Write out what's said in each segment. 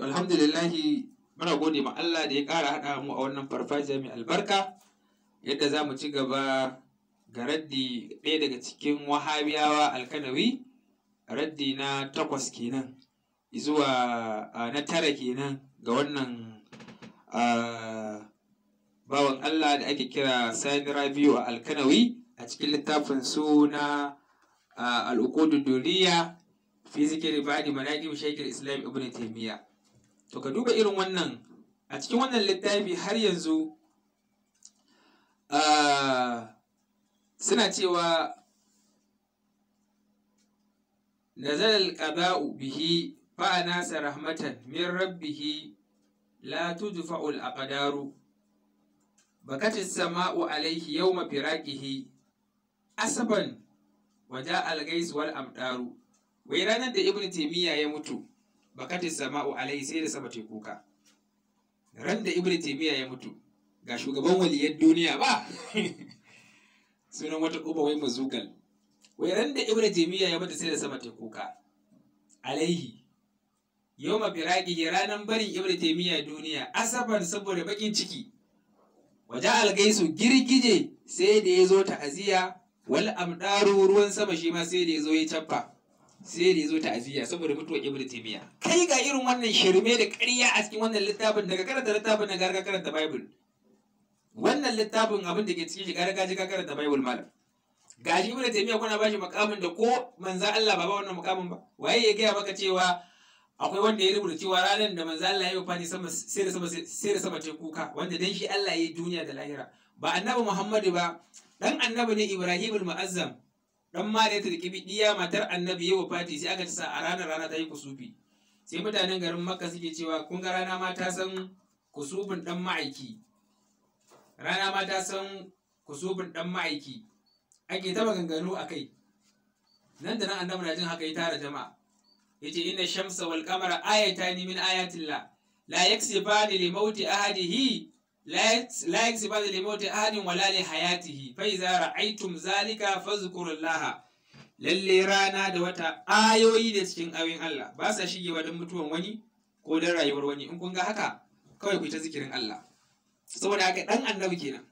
alhamdulillah muna gode ma Allah da ya ƙara haɗa mu a wannan farfajiya mai albarka yadda za mu ci gaba ga raddi ɗaya daga cikin wahabiyawa alkanawi raddi na takwas kenan zuwa na tara kenan ga wannan bawan Allah da ake kira sani rabiu a alkanawi a cikin littafin suna al'ukudu duniya fizikin ribadi manajin manaƙi islam ibn taimiyya to ka duba irin wannan a cikin wannan littafi har yanzu ah, suna cewa nazar alƙada'u bihi fa'a nasa rahmatan min rabbihi la tudfa'u al-aqdaru bakati sama'u alayhi yawma firaqihi asaban waja al-gais wal amdaru wai ranar da ibnu taymiya ya mutu bakatis sama'u alaihi sai da sama ta kuka ran da ibnu taymiya ya mutu ga shugaban waliyar duniya ba sunan wata kuma wai mazugal wai ran da ibnu taymiya ya mutu sai da sama ta kuka alaihi yawma firaqihi ranan barin ibnu taymiya duniya asaban saboda bakin ciki waja algaisu girgije sai da ya zo ta'aziya wal amdaru ruwan sama shi ma sai da ya zo ya cabba sai da ya zo ta'aziyya saboda mutuwar ibnu taymiya kai ga irin wannan shirme da ƙarya a cikin wannan littafin daga karanta littafin na garga karanta bible wannan littafin abin da ke cikin shi garga ji ka karanta bible malam ga shi ibnu taymiya kuna bashi makamin da ko manzo Allah ba ba wannan makamin ba waye ya gaya maka cewa akwai wanda ya rubuta cewa ranar da manzo Allah ya yi fani sama sai da sama sai da sama ce kuka wanda dan shi Allah ya yi duniya da lahira ba annabi Muhammadu ba dan annabi ne Ibrahim al-Mu'azzam dan Mariyatul Qibtiyya matar Annabi ya Fati sai aka sa a ranar rana ta yi kusufi sai mutanen garin Makka suke cewa kun ga rana ma ta san kusufin dan ma'aiki rana ma san kusufin dan ma'aiki ake ta maganganu a kai nan da nan annabi na jin haka ya tara jama'a yace inna shamsa wal qamara ayatan min ayatillah la yaksifani li mauti ahadihi la yaksiba da limauti ahadin wala li hayatihi fa idza ra'aytum zalika fazkurullaha lalle rana da wata ayoyi da cikin ayoyin Allah ba sa shigewa don mutuwan wani ko don rayuwar wani in kun ga haka kawai ku ta zikirin Allah saboda haka dan annabi kenan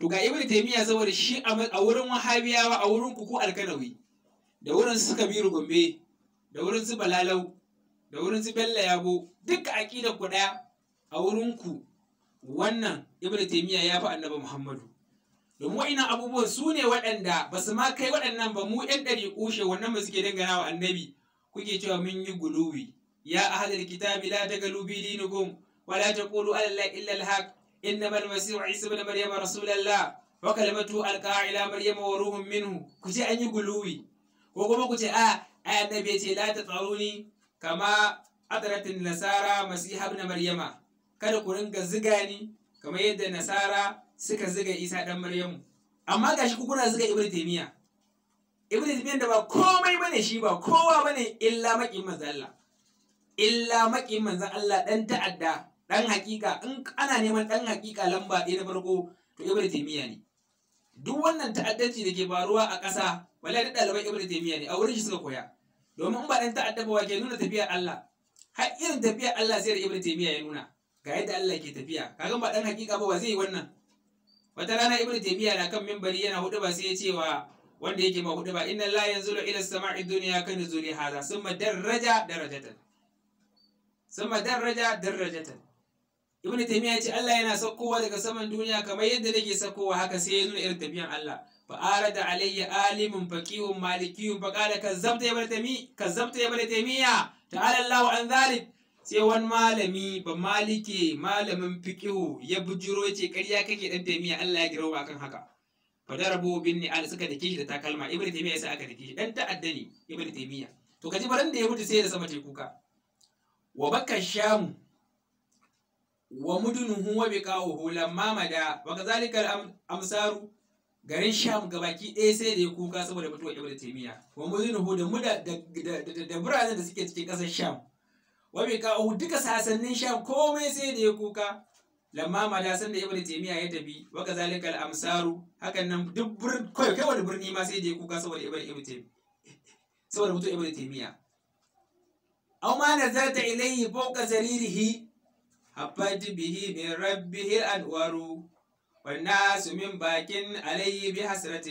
to ga ibnu taymiya saboda shi a wurin wahabiyawa a wurin kuku alkanawi da wurin su kabiru gombe da wurin su balalau da wurin su bello yabo duka aqidar ku daya a wurin ku wannan ibn taymiya ya fi annabi muhammadu domin wa'ina abubuwan su ne waɗanda ba su ma kai waɗannan ba mu ɗan ɗari kushe wannan ba suke dangana wa annabi kuke cewa mun yi guluwi ya ahlal kitabi la tagalu bi dinikum wa la taqulu ala allahi illa alhaq innamal masih isa ibn maryam rasulullah wa kalimatu alqa ila maryam wa ruhun minhu ku ce an yi guluwi ko kuma ku ce a ai annabi ya ce la tatsaruni kama adratin nasara masih na maryama kada ku ringa ziga ni kamar yadda nasara suka ziga isa dan maryamu amma gashi ku kuna ziga ibnu taymiya ibnu taymiya da ba komai bane shi ba kowa bane illa maki manzon Allah illa maki manzon Allah dan ta'adda dan hakika in ana neman dan hakika lamba ɗaya na farko to ibnu taymiya ne duk wannan ta'addanci da ke faruwa a ƙasa wallahi da ɗaliban ibnu taymiya ne a wurin shi suka koya domin in ba dan ta'adda ba ke nuna tafiyar Allah har irin tafiyar Allah sai da ibnu taymiya ya nuna ga yadda Allah ke tafiya kaga ba dan hakika ba ba zai yi wannan wata rana ibnu taymiya na kan minbari yana hudu ba sai ya wanda yake ma hudu ba inna la yanzulu ila samai dunya kan nuzuli hadha summa daraja darajatan summa daraja darajatan ibnu taymiya ya ce Allah yana saukowa daga saman duniya kamar yadda nake saukowa haka sai ya nuna irin tafiyan Allah fa arada alayya alimun faqihun malikiyun fa qala kazzabta ya ibnu taymiya kazzabta ibnu taymiya ta'ala an dhalik sai wani malami ba malike malamin fiqihu ya bujiro ce ƙarya kake dan taimiya Allah ya girau akan haka fadarabu bin ni'al suka dake shi da takalma ibnu ya yasa aka dake shi dan ta'adda ne ibnu taimiya to kaji baran da ya mutu sai da sama te kuka wa baka sham wa mudunuhu wa biqahu lamma mada wa kadhalika amsaru garin sham baki ɗaya sai da ya kuka saboda mutuwar ibnu taimiya wa mudunuhu da muda da biranen da suke cikin ƙasar sham wa bi ka duka sasannin sha komai sai da ya kuka lamma ma da san da ibnu taymiya ya tafi wa kazalikal amsaru hakan nan duk kai kai wani birni ma sai da ya kuka saboda ibnu ibnu taymiya saboda mutum ibnu taymiya aw ma nazarta ilayhi fawqa saririhi habbat bihi min rabbihil anwaru والناس من باك عليه بحسرة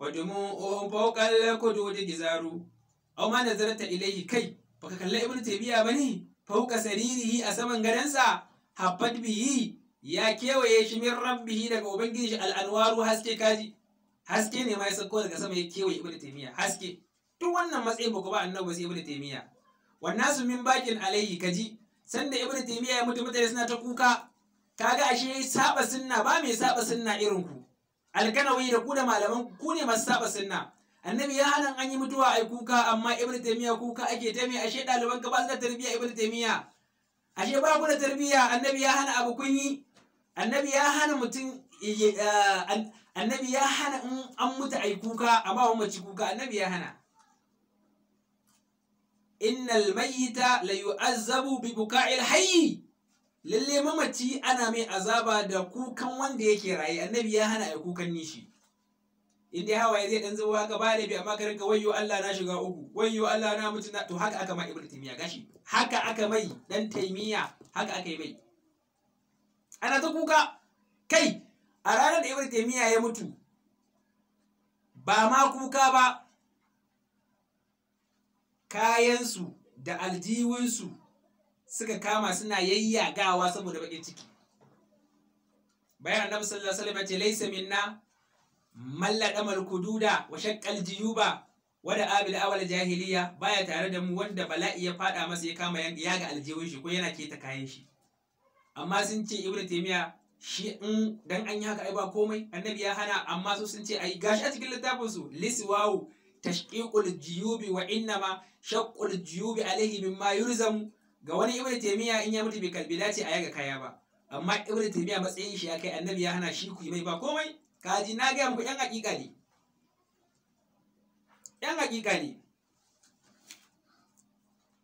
fawqa al الخدود gizaru. aw ma نزلت ilayhi kai. baka kalla ibnu tabiya bane fauka saririhi a saman gadansa habbat bihi ya kewaye shi min rabbihi daga ubangiji shi al'anwaru haske kaji haske ne ma ya daga sama ya kewaye ibnu tabiya haske duk wannan matsayin ku ba annabi sai ibnu tabiya wannan su min bakin alayhi kaji sanda ibnu tabiya ya mutu mutane suna ta kuka kaga ashe saba sunna ba mai saba sunna irin ku alkanawi da ku da malaman ku ne masu saba sunna annabi ya hana an yi mutuwa ai kuka amma ibn taymiya kuka ake ta ashe ɗaliban ka ba su da tarbiyya ibn taymiya ashe ba ku da tarbiyya annabi ya hana abu kunyi annabi ya hana mutum eh, annabi ya hana in an mutu ai kuka a ba mace kuka annabi ya hana innal mayyita la yu'azzabu bi buka'il hayy lalle mamaci ana mai azaba da kukan wanda yake raye annabi ya hana ai kukan nishi in dai hawaye zai dan zuwa haka ba bi amma ka rinka wayyo Allah na shiga uku wayyo Allah na mutu na to haka aka ma ibnu taymiya gashi haka aka mai dan taymiya haka aka yi mai ana ta kuka kai a ranar da ibnu taymiya ya mutu ba ma kuka ba kayansu da aljiwinsu suka kama suna yayyagawa saboda bakin ciki bayan annabi sallallahu alaihi wasallam ya ce laysa minna mallada malkududa wa shakkal jiyuba wada abil awal jahiliya baya tare da mu wanda bala'i ya faɗa masa ya kama ya ga aljihun shi ko yana keta kayan shi amma sun ce ibnu taymiya shi in dan an yi haka ai ba komai annabi ya hana amma su sun ce ai gashi a cikin littafin su liswawu tashqiqul jiyubi wa innama shaqqul jiyubi alaihi mimma yulzamu ga wani ibnu taymiya in ya mutu bai kalbi dace a yaga kaya ba amma ibnu taymiya matsayin shi ya kai annabi ya hana shi ku mai ba komai kaji na gaya muku yan hakika ne yan hakika ne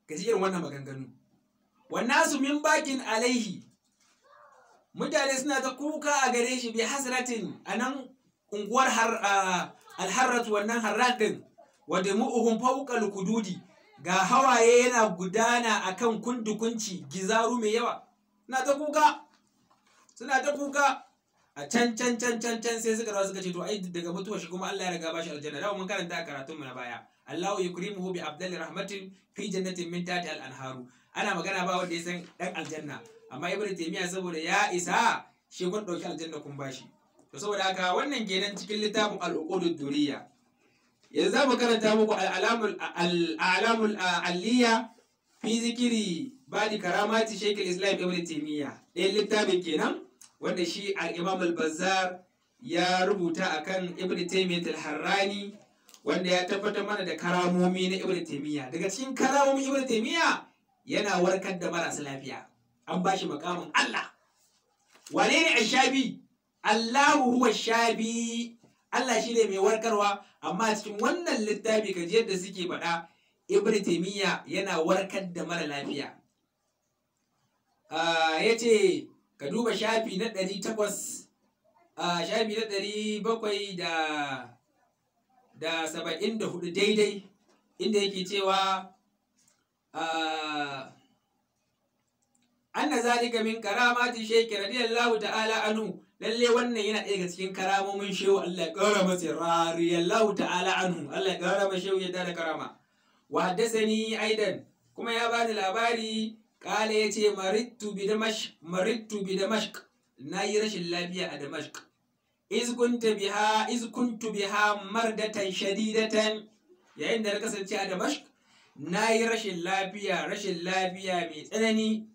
ka ji irin wannan maganganu wannan su min bakin alaihi mutane suna ta kuka a gare shi bi hasratin a nan unguwar alharratu wannan harratin din wa mu'uhun fawqal kududi ga hawaye yana gudana akan kundukunci gizaru mai yawa suna ta kuka suna ta kuka a can can can can can sai suka rawa suka ce to ai daga mutuwa shi kuma Allah ya riga bashi aljanna dawo mun karanta a karatun mu na baya Allahu yukrimuhu bi abdal rahmatin fi jannatin min tahti al anharu ana magana ba wanda ya san dan aljanna amma ibnu taymiya saboda ya isa shi kun dauki aljanna kun bashi to saboda haka wannan kenan cikin littafin al-uqudud duriya yanzu za mu karanta muku al-alamul al-alamul aliyya fi zikiri badi karamati shaykh al-islam ibnu taymiya ɗayan littafin kenan wanda shi alimam al-bazzar ya rubuta akan ibn taymiyyah al-harrani wanda ya tabbatar mana da karamomi na ibn taymiyyah daga cikin karamomin ibn taymiyyah yana warkar da marasa lafiya an ba shi makamin Allah wane ne ashabi Allahu huwa shabi Allah shine mai warkarwa amma cikin wannan littafi kaji da suke faɗa ibn taymiyyah yana warkar da mara lafiya Uh, ya ce ka duba shafi na ɗari takwas a shafi na ɗari bakwai da da saba'in da hudu daidai inda yake cewa anna zalika min karamati shaykh radiyallahu ta'ala anu. lalle wannan yana ɗaya ga cikin karamomin shehu Allah ya ƙara masa radiyallahu ta'ala anu. Allah ya ƙara masa shehu ya da karama wa haddasa ni aidan kuma ya bani labari Ƙala ya ce marittu bi damashq na yi rashin lafiya a damashq. Izkunta biha izkuntu biha mardatan shadidatan yayin da na kasance a damashq na yi rashin lafiya rashin lafiya mai tsanani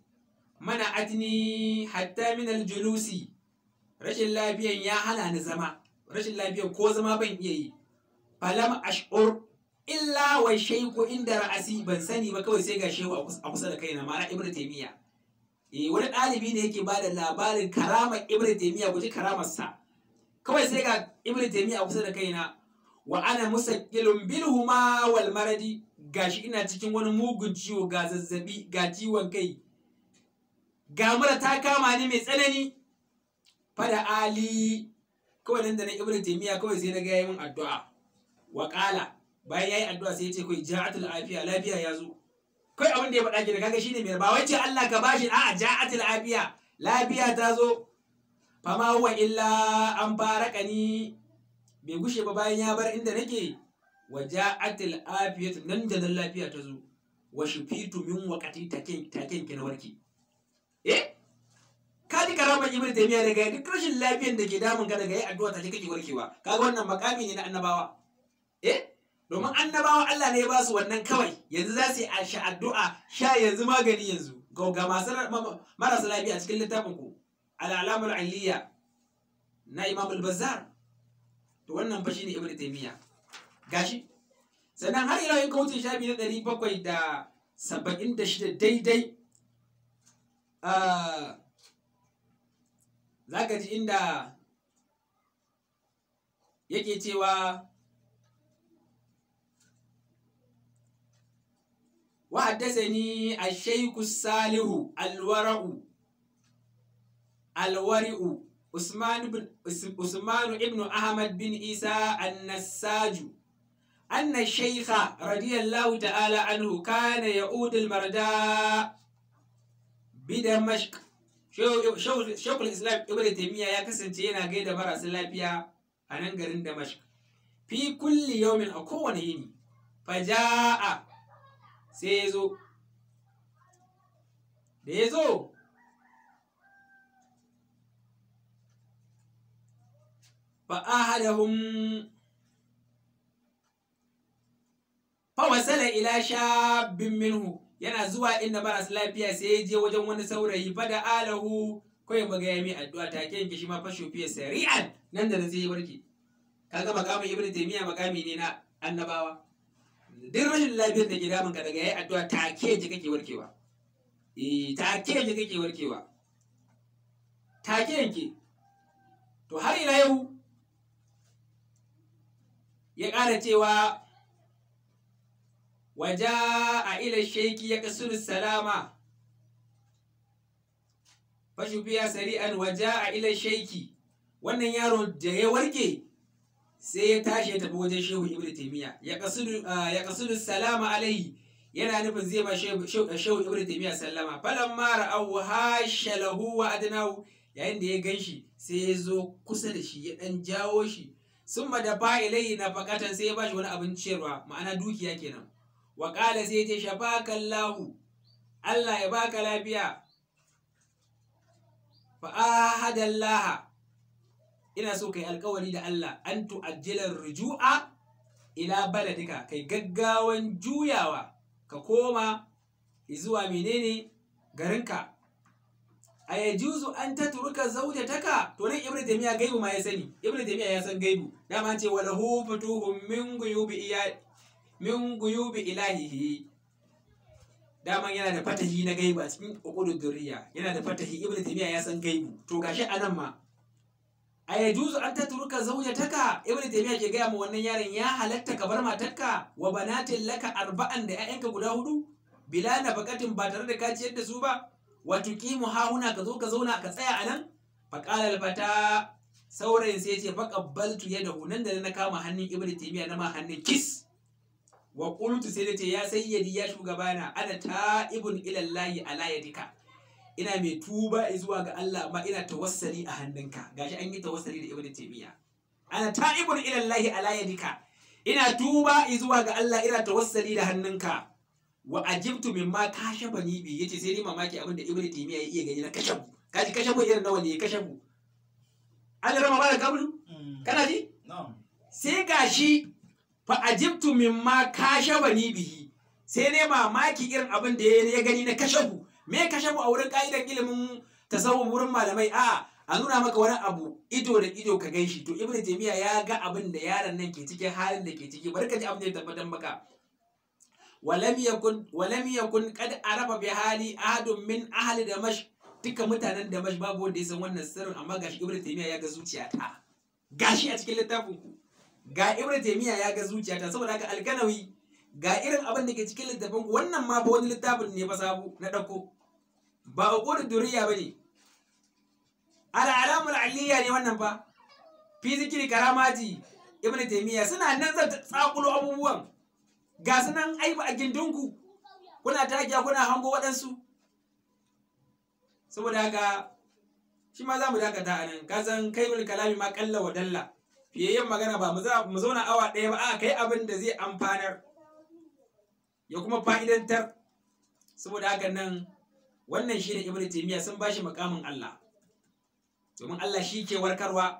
mana atni hatta min aljulusi rashin lafiyan ya hana ni zama rashin lafiyan ko zama ban iya yi falam ash'ur illa wa shaiku inda ra'asi ban sani ba kawai sai ga shehu a kusa da kaina ma'ana ibn taymiya eh wani ɗalibi ne yake bada labarin karama ibn taymiya guji karamar sa kawai sai ga ibn taymiya a kusa da kaina wa ana musaqqilun bilhuma wal maradi gashi ina cikin wani mugun ciwo ga zazzabi ga ciwon kai ga mura ta kama ni mai tsanani fada ali kawai nan da na ibn taymiya kawai sai na ga yayin addu'a wa qala bayan yayi addu'a sai ya ce kai ja'atul afiya lafiya ya zo kai abin da ya faɗa ki da kaga shine mai ba wai ce Allah ka bashi a ja'atul afiya lafiya ta zo fama huwa illa an barakani bai gushe ba bayan ya bar inda nake wa ja'atul afiya nan da nan lafiya ta zo wa shufitu min waqati taken taken ki na warki eh ka ji karaman ibnu taymiya daga duk rashin lafiyan da ke damun ka daga yi addu'a ta kake warkewa kaga wannan makami ne na annabawa eh domin annabawa Allah ne ya ba su wannan kawai yanzu za su yi addu'a sha yanzu magani yanzu ga masu marasa lafiya cikin littafin ku al'alamul aliyya na imamul bazar to wannan fa ne ibn taymiya gashi sannan har ila yin kautin shafi na ɗari bakwai da saba'in da shida daidai ah, za ka ji inda yake cewa wa haddasani ash-shaykh salihu alwariu usmanu ibnu wariu ahmad bin isa an-nassaju أن الشيخ رضي الله تعالى عنه كان يعود المرداء بدمشق shekul islam ibn taimiyya ya kasance yana gaida marasa lafiya a nan garin damashq fi kulli yawmin a kowane yini faja'a sai ya zo da ya zo fa'ahadahum fawasala ila shabbin minhu yana zuwa inda maras lafiya sai ya je wajen wani saurayi da alahu kawai baga ya mai addu'a take yanke shi ma fasho fiye sari'an nan da nan sai ya warke kaga makamin ibnu taymiya makami ne na annabawa duk rashin lafiyar da ke damun ka daga yayi addu'a ke ji kake warkewa eh ke ji kake warkewa ke yanke to har ila yau ya ƙara cewa waja a ila sheki ya kasuru salama fashubiya sari'an waja a ila sheki wannan yaron da ya warke sai ya tashi ya tafi wajen shehu ibn taimiya ah, ya kasudu salama alaihi yana nufin zai ba eh, shehu ibn taimiya sallama falan mara au hasha lahu wa adnahu yayin da ya ganshi sai ya zo kusa da shi ya dan jawo shi sun da fa ilai na fakatan sai ya bashi wani abin ciyarwa ma'ana dukiya kenan wa qala sai ya ce shafaka lahu, Allah ya baka lafiya fa ahadallaha ina so kai alkawari da Allah an tu'ajjilar rujua ila baladika kai gaggawan juyawa ka koma zuwa menene garinka a ya juzu an ta turuka taka? to ran ibnu Jami'a gaibu ma ya sani ibnu Jami'a ya san gaibu dama ce wala hu futuhum min guyubi iya min guyubi ilahihi dama yana da fatahi na gaibu a cikin uqudud durriya yana da fatahi ibnu Jami'a ya san gaibu to gashi anan ma a yajuzu an tatruka zawjataka ibnu taymiya ke gaya ma wannan yaron ya halatta ka bar matarka wa banatin laka arba'an da 'ya'yanka guda hudu bila bakatin ba tare da ka ciyar da su ba wa tuqimu hahuna ka zo ka zauna ka tsaya anan fa qala fata saurayin sai yace fa qabbaltu yadahu nan da na kama hannun ibnu taymiya na ma hannun kis wa qultu sai ce ya sayyidi ya shugabana ana ta'ibun ila allahi ala yadika ina mai tuba zuwa ga Allah amma ina tawassali a hannunka gashi an yi tawassali da ibnu taymiya ana ta'ibun ila Allah ala yadika ina tuba zuwa ga Allah ina tawassali da hannunka wa ajibtu mimma kashaba ni bi yace sai ni mamaki abin da ibnu taymiya ya iya gani na kashabu kaji kashabu irin nawa ne kashabu an rama ba da kabulu mm. kana ji sai gashi fa ajibtu mimma kashaba ni bi sai ne mamaki irin abin da ya gani na kashabu me shafu a wurin ƙa'idar ilimin tasawuf wurin malamai a a nuna maka wani abu ido da ido ka gan shi to ibn taymiya ya ga abin da yaron nan ke cikin halin da ke ciki bari ka ji abin da ya tabbatar maka walam miya kun kad'a a arafa bi hali ahadun min ahli duka mutanen da mash babu wanda ya san wannan sirrin amma gashi ibn taymiya ya ga zuciya ta gashi a cikin littafin ku ga ibn taymiya ya ga zuciya ta saboda haka alkanawi ga irin abin da ke cikin littafin ku wannan ma ba wani littafin ne ba sabu na dauko ba duriya ba ne ala alamul aliyya ne wannan ba. fi zikiri karamati ibnu taymiya suna nan zan tsakulo abubuwan ga sunan aibu a gindinku kuna takiya kuna hango waɗansu saboda haka shi ma za mu dakata a nan ka san kai mil kalami ma kalla wa dalla fiye yin magana ba mu zauna awa ɗaya ba a kai abin da zai amfanar ya kuma fa'idantar saboda haka nan wannan shi da ibn taymiya sun bashi makamin Allah domin Allah shi ke warkarwa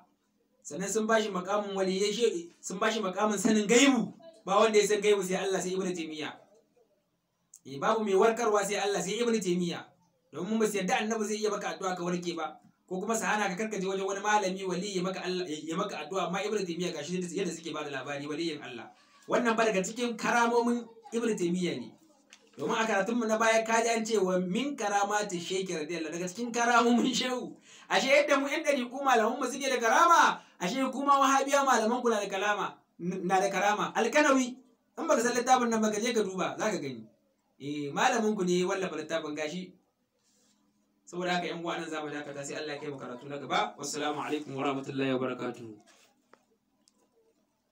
sannan sun bashi makamin waliyai shi sun bashi makamin sanin gaibu ba wanda ya san gaibu sai Allah sai ibn taymiya eh babu mai warkarwa sai Allah sai ibn taymiya domin ba su yadda annabi zai iya maka addu'a ka warke ba ko kuma sahana hana ka karkaje wajen wani malami wali ya maka Allah ya maka addu'a amma ibn taymiya gashi yadda suke ba da labari waliyin Allah wannan ba daga cikin karamomin ibn taymiya ne domin a karatunmu na baya ka an cewa min ta sheki radiyallahu daga cikin mun shehu ashe yadda mu yan ɗari kuma malaman mu suke da karama ashe kuma wahabiya malaman ku na da kalama na da karama alkanawi in baka san littafin nan baka je ka duba zaka gani eh malamin ku ne wallafa littafin gashi saboda haka yan uwa nan zamu dakata sai Allah ya kai mu karatu na gaba wassalamu alaikum warahmatullahi wabarakatuh